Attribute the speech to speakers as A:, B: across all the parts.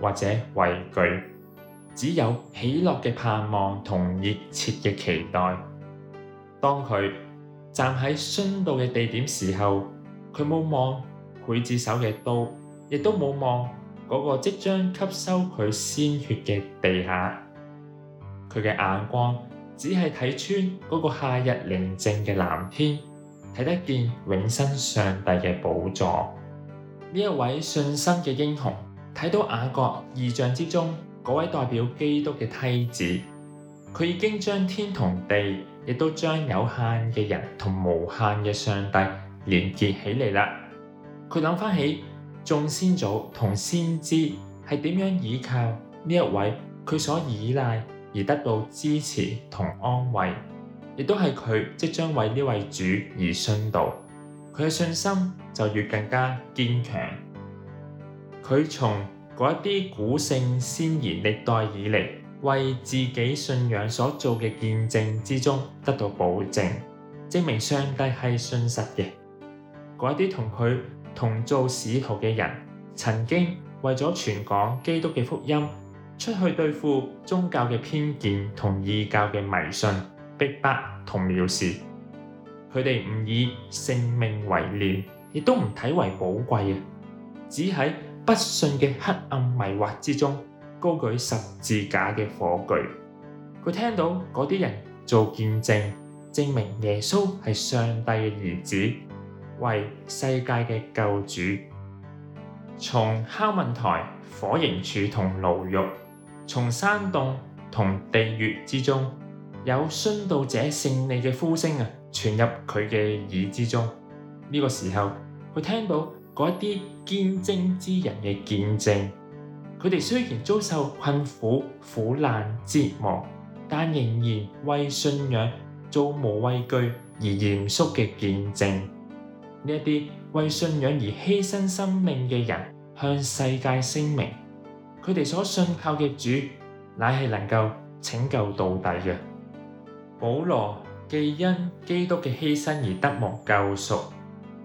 A: 或者畏懼，只有喜樂嘅盼望同熱切嘅期待。當佢站喺殉道嘅地點時候，佢冇望劊子手嘅刀，亦都冇望嗰個即將吸收佢鮮血嘅地下。佢嘅眼光只係睇穿嗰個夏日寧靜嘅藍天，睇得見永生上帝嘅寶座。呢一位信心嘅英雄。睇到雅各意象之中嗰位代表基督嘅梯子，佢已經將天同地，亦都將有限嘅人同無限嘅上帝連接起嚟啦。佢諗翻起眾先祖同先知係點樣依靠呢一位佢所依賴而得到支持同安慰，亦都係佢即將為呢位主而殉道，佢嘅信心就越更加堅強。佢從嗰一啲古聖先賢歷代以嚟，為自己信仰所做嘅見證之中得到保證，證明上帝係信實嘅。嗰一啲同佢同做使徒嘅人，曾經為咗傳講基督嘅福音，出去對付宗教嘅偏見同異教嘅迷信、逼迫、同藐視，佢哋唔以性命為念，亦都唔睇為寶貴，只喺。不信嘅黑暗迷惑之中，高舉十字架嘅火炬。佢聽到嗰啲人做見證，證明耶穌係上帝嘅兒子，為世界嘅救主。從敲問台、火刑處同牢獄，從山洞同地穴之中，有殉道者勝利嘅呼聲啊，傳入佢嘅耳之中。呢個時候，佢聽到。嗰一啲見證之人嘅見證，佢哋雖然遭受困苦、苦難、折磨，但仍然為信仰做無畏懼而嚴肅嘅見證。呢一啲為信仰而犧牲生命嘅人，向世界聲明，佢哋所信靠嘅主乃係能夠拯救到底嘅。保羅既因基督嘅犧牲而得蒙救贖。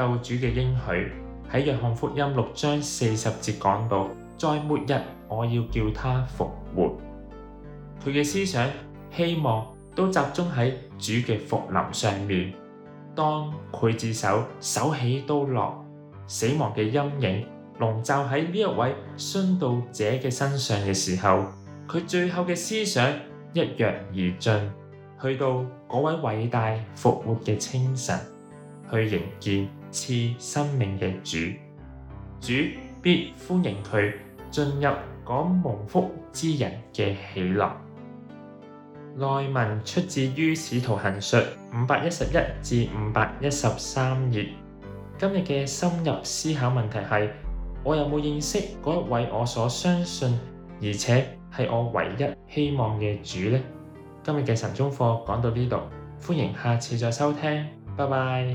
A: 救主嘅應許喺約翰福音六章四十節講到：在末日我要叫他復活。佢嘅思想、希望都集中喺主嘅復臨上面。當劊子手手起刀落，死亡嘅陰影籠罩喺呢一位殉道者嘅身上嘅時候，佢最後嘅思想一躍而進，去到嗰位偉大復活嘅清晨去迎接。賜生命嘅主，主必歡迎佢進入嗰蒙福之人嘅喜樂。內文出自於使徒行述五百一十一至五百一十三頁。今日嘅深入思考問題係：我有冇認識嗰一位我所相信，而且係我唯一希望嘅主呢？今日嘅晨鐘課講到呢度，歡迎下次再收聽，拜拜。